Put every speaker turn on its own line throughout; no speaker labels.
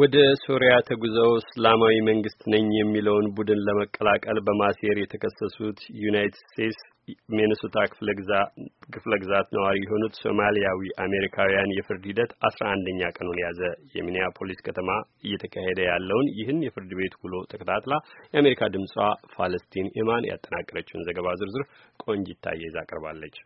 ወደ ሶሪያ ተጉዘው እስላማዊ መንግስት ነኝ የሚለውን ቡድን ለመቀላቀል በማሴር የተከሰሱት ዩናይትድ ስቴትስ ሚኒሶታ ክፍለ ግዛት ነዋሪ የሆኑት ሶማሊያዊ አሜሪካውያን የፍርድ ሂደት አስራ አንደኛ ቀኑን ያዘ። የሚኒያፖሊስ ከተማ እየተካሄደ ያለውን ይህን የፍርድ ቤት ውሎ ተከታትላ የአሜሪካ ድምጿ ፋለስቲን ኢማን ያጠናቀረችውን ዘገባ ዝርዝር ቆንጂት ታዬ ይዛ ቀርባለች።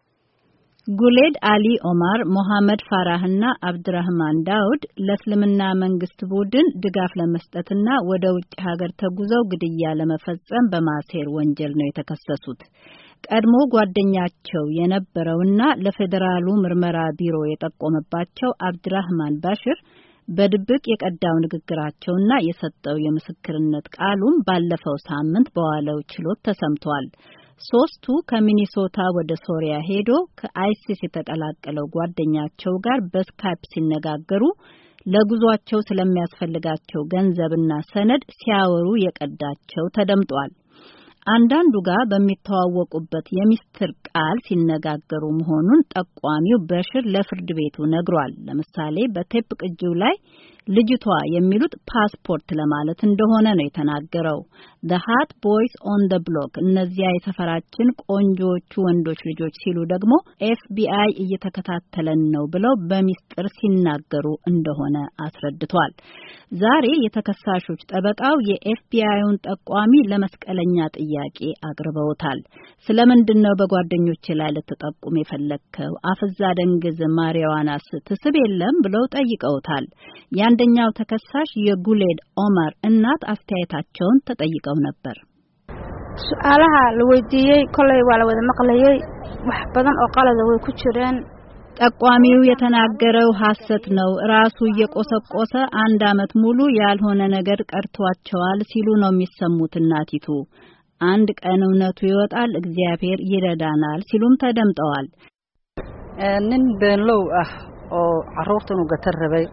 ጉሌድ አሊ ኦማር፣ ሞሐመድ ፋራህና አብድራህማን ዳውድ ለእስልምና መንግስት ቡድን ድጋፍ ለመስጠትና ወደ ውጭ ሀገር ተጉዘው ግድያ ለመፈጸም በማሴር ወንጀል ነው የተከሰሱት። ቀድሞ ጓደኛቸው የነበረውና ለፌዴራሉ ምርመራ ቢሮ የጠቆመባቸው አብድራህማን ባሽር በድብቅ የቀዳው ንግግራቸውና የሰጠው የምስክርነት ቃሉም ባለፈው ሳምንት በዋለው ችሎት ተሰምቷል። ሶስቱ ከሚኒሶታ ወደ ሶሪያ ሄዶ ከአይሲስ የተቀላቀለው ጓደኛቸው ጋር በስካይፕ ሲነጋገሩ ለጉዟቸው ስለሚያስፈልጋቸው ገንዘብና ሰነድ ሲያወሩ የቀዳቸው ተደምጧል። አንዳንዱ ጋር በሚተዋወቁበት የሚስትር ቃል ሲነጋገሩ መሆኑን ጠቋሚው በሽር ለፍርድ ቤቱ ነግሯል። ለምሳሌ በቴፕ ቅጂው ላይ ልጅቷ የሚሉት ፓስፖርት ለማለት እንደሆነ ነው የተናገረው። ዘ ሃት ቦይስ ኦን ደ ብሎክ፣ እነዚያ የሰፈራችን ቆንጆቹ ወንዶች ልጆች ሲሉ ደግሞ ኤፍቢአይ እየተከታተለን ነው ብለው በሚስጥር ሲናገሩ እንደሆነ አስረድቷል። ዛሬ የተከሳሾች ጠበቃው የኤፍቢአይውን ጠቋሚ ለመስቀለኛ ጥያቄ አቅርበውታል። ስለምንድን ነው በጓደኞች ላይ ልትጠቁም የፈለግከው? አፍዛ ደንግዝ ማሪዋናስ ትስብ የለም ብለው ጠይቀውታል። ያን አንደኛው ተከሳሽ የጉሌድ ኦመር እናት አስተያየታቸውን ተጠይቀው ነበር። su-aalaha ኮለይ weydiiyey kolay waa la wada ወይ ኩችረን badan ጠቋሚው የተናገረው ሐሰት ነው፣ ራሱ እየቆሰቆሰ አንድ አመት ሙሉ ያልሆነ ነገር ቀርቷቸዋል ሲሉ ነው የሚሰሙት እናቲቱ። አንድ ቀን እውነቱ ይወጣል፣ እግዚአብሔር ይረዳናል ሲሉም ተደምጠዋል። nin beenlow ah ኦ caruurta ገተረበይ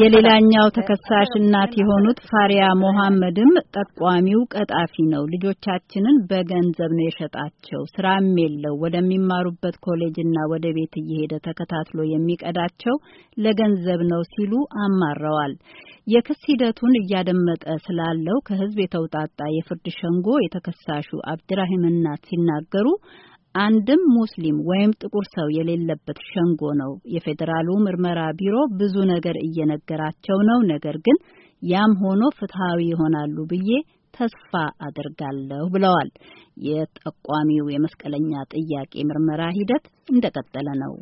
የሌላኛው ተከሳሽ እናት የሆኑት ፋሪያ ሞሐመድም ጠቋሚው ቀጣፊ ነው፣ ልጆቻችንን በገንዘብ ነው የሸጣቸው፣ ስራም የለው ወደሚማሩበት ኮሌጅና ወደ ቤት እየሄደ ተከታትሎ የሚቀዳቸው ለገንዘብ ነው ሲሉ አማረዋል። የክስ ሂደቱን እያደመጠ ስላለው ከህዝብ የተውጣጣ የፍርድ ሸንጎ የተከሳሹ አብድራሂም እናት ሲናገሩ አንድም ሙስሊም ወይም ጥቁር ሰው የሌለበት ሸንጎ ነው። የፌዴራሉ ምርመራ ቢሮ ብዙ ነገር እየነገራቸው ነው። ነገር ግን ያም ሆኖ ፍትሐዊ ይሆናሉ ብዬ ተስፋ አድርጋለሁ ብለዋል። የጠቋሚው የመስቀለኛ ጥያቄ ምርመራ ሂደት እንደቀጠለ ነው።